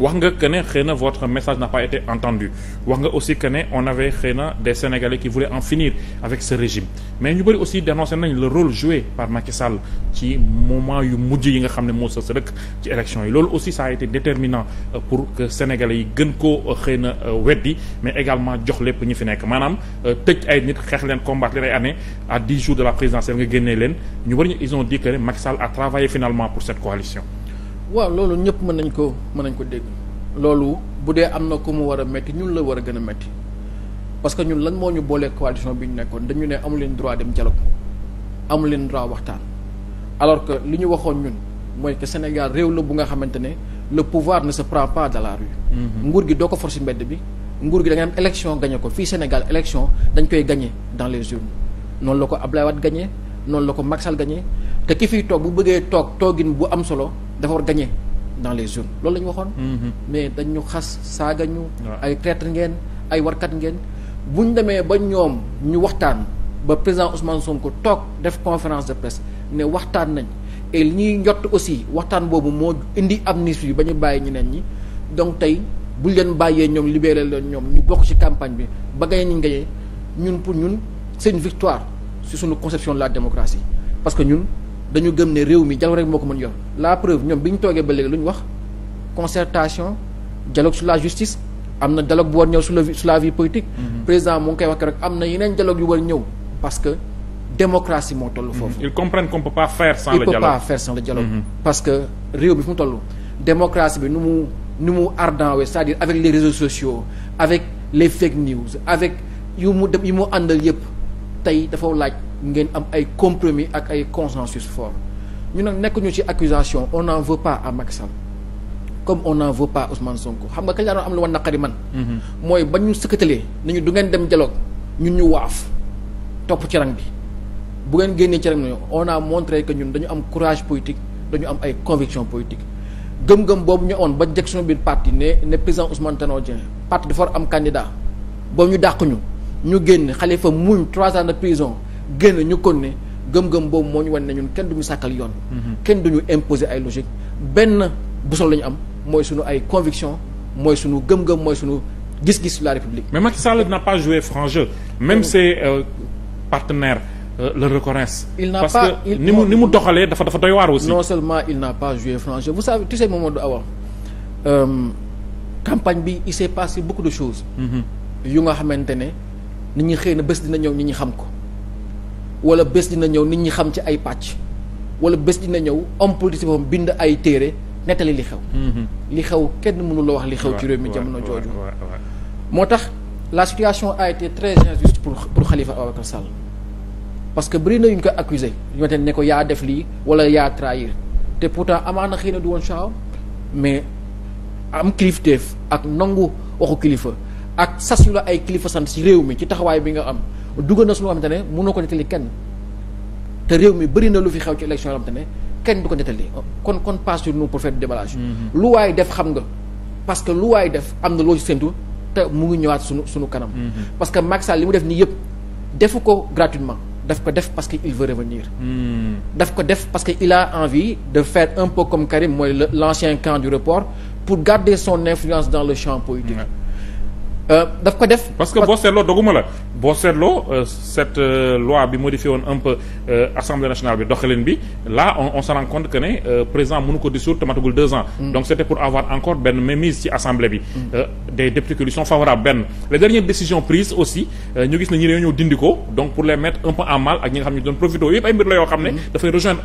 wax nga que ne xëy na votre message n'a pas été entendu wax nga aussi que ne on avait xëy na des Sénégalais qui voulaient en finir avec ce régime mais ñu bëri aussi dénoncé nañ le rôle joué par Macky Sall ci moment yu mujj yi nga xam ne moo sës rek ci élection yi loolu aussi ça a été déterminant euh, pour que Sénégalais yi gën koo euh, xëy na euh, weddi mais également jox lépp ñi fi nekk maanaam tëj ay nit xeex leen combattre leen ay année à dix jours de la présidentielle leen ñu bëri finalement pour cette coalition waaw loolu ñëpp mën nañ ko mën nañ ko dégg loolu bu dee am na ko mu war a métti ñun la war a gën a métti parce que ñun lan moo ñu boolee coalition bi ñu nekkoon dañu ne amu leen droit dem dialogue amu leen droit waxtaan alors que li ñu waxoon ñun mooy que Sénégal réew la bu nga xamante ne le pouvoir ne sa prend pas dans la rue mm-hmm. nguur gi doo ko forcer mbedd bi nguur gi da nga am élection gagné ko fii Sénégal élection dañ koy gagné dans les urnes noonu la ko Ablaye Wade noonu la ko Macky Sall te ki fiy toog bu bëggee toog toogin bu am solo dafa war gagner dans les urnes loolu la ñu waxoon. Mhm. mais dañu xas saaga ñu. ay traître ngeen ay warkat ngeen. bu ñu demee ba ñoom ñu waxtaan ba président Ousmane Sonko toog def conférence de presse ne waxtaan nañ et li ñuy njot aussi waxtaan boobu moo indi amnistie yi ba ñu bàyyi ñeneen ñi donc tey bu leen bàyyee ñoom libéré leen ñoom ñu bokk ci campagne bi ba ni ñu gañe ñun pour ñun seen une victoire sur sunu conception la démocratie parce ñun. dañu gëm ne réew mi dialogue rek moo ko mën yor la preuve ñoom bi ñu toogee ba léegi lu ñu wax concertation dialogue sur la justice am na dialogue bu war ñëw sur la sur la vie politique. Mhm. président mu ngi koy wax rek am na yeneen dialogue yu war ñëw parce que démocratie moo toll foofu. ils comprennent qu'on peut pas faire sans le dialogue. il mhm. peut parce que réew bi fu mu toll. démocratie bi nu mu ni mu ardent we c'est-à-dire avec les réseaux sociaux avec les fake news avec yu mu dem yu mu àndal yëpp tey dafa laaj. ngeen am ay compromis ak ay consensus fort ñu nag nekkuñu ci accusation on n'en veut pas à Macky comme on n'en veut pas Ousmane Sonko xam nga kañ laa doon am lu wan naqari man mhm. mooy ba ñu sëkkatalee nañu du ngeen dem dialogue ñu ñu waaf topp ci rang bi bu ngeen génnee ci rang bi on a montré que ñun dañu am courage politique dañu am ay conviction politique gëm-gëm boobu ñu amoon ba jeg suñu biir parti ne ne président Ousmane Tanor Dieng parti dafa war am candidat boobu ñu dàq ñu ñu génn Khalifa muñ trois ans de prison génn ñu kon ne gëm-gëm boobu moo ñu wan ne ñun kenn du ñu sàkkal yoon. Mhm. kenn du ñu imposer ay logique benn boussole la ñu am mooy suñu ay conviction mooy suñu gëm-gëm mooy sunu gis-gis sur la république. mais Macky Sall n'a pas joué franc jeu. même ses euh, partenaires euh, le reconnaissent. il n'a pas parce ni mu ni mu doxalee dafa dafa doy waar aussi. non seulement il n'a pas joué franc jeu vous savez tu sais Mamadou Awa euh, campagne bi il s'est passé beaucoup de choses. Mhm. yu nga xamante ne nit ñi xëy na bés dina ñëw nit ñi xam ko. wala bés dina ñëw nit ñi xam ci ay pàcc wala bés dina ñëw homme politique boobu bind ay téere nettali li xew mm-hmm. li xew kenn mënu la wax li xew ci réew mi jamono jooju moo tax la situation a été très injuste pour pour Khalifa Ababacar Sall parce que bëri na ñu ko accuser ñoo te ne ko yaa def lii wala yaa trahir te pourtant amaana xëy na du woon mais am kilifteef ak nangu waxu kilifa ak sas yu la ay kilifa sant si réew mi ci taxawaay bi nga am dugg na su loo xamante mun mënoo ko nettali kenn te réew mi bëri na lu fi xew ci élection yoo xamante ne kenn du ko nettali kon kon passe sur nous pour faire du mm-hmm. lu waay def xam nga parce que lu waay def am na loo ci séntu te mu ngi ñëwaat sunu suñu kanam mm-hmm. parce que Macky li mu def nii yëpp defu ko gratuitement daf ko def parce que il veut revenir mm-hmm. daf ko def parce que il a envie de faire un peu comme Karim mooy l'ancien camp du report pour garder son influence dans le champ politique Euh, daf ko def. parce que boo seetloo doguma la boo seetloo euh, cette euh, loi bi modifié woon un assemblée nationale bi doxalin bi là on se rend que ne président mënu ko dissoudre te matagul deux ans. Mm. donc c' pour avoir encore benn mainmise ci assemblée bi. Mm. des députés qui lui sont benn. les dernières décisions prises aussi ñu gis ne ñi dañoo ñëw dindi ko donc pour les mettre un peu mal ak ñi nga xam ne doon profité yëpp ay mbir la yoo xam ne. Mm. dafay rejoindre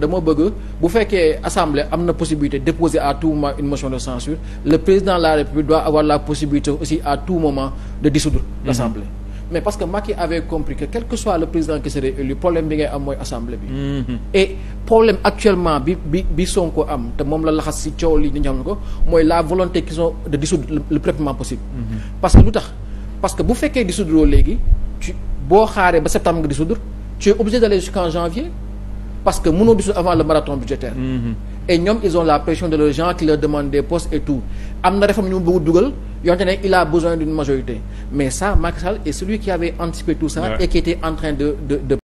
un dama bëgg bu fekkee assemblée am na possibilité déposer à tout moment une motion de censure le président de la république doit avoir la possibilité aussi à tout moment de dissoudre mhm. l'assemblée mais parce que Macky avait compris que quel que soit le président qui serait élu problème bi ngay am mooy assemblée bi mhm. et problème actuellement bi bi bi Sonko am te moom la laxas si coow li ñu xam ko mooy la volonté qu'ils ont de dissoudre le plus rapidement mhm. parce que lu tax parce que bu fekkee dissoudre léegi boo xaaree ba septembre nga dissoudre tu es obligé d'aller jusqu'en parce que mënoo gisul avant le marathon budgétaire. Mhm. et ñoom ils ont la pression de leurs gens qui leur demandent des postes et tout am na réforme ñu mu bëgg dugal yonte a besoin d'une majorité mais ça Macky Sall celui qui avait anticipé tout ça. et qui était en train de.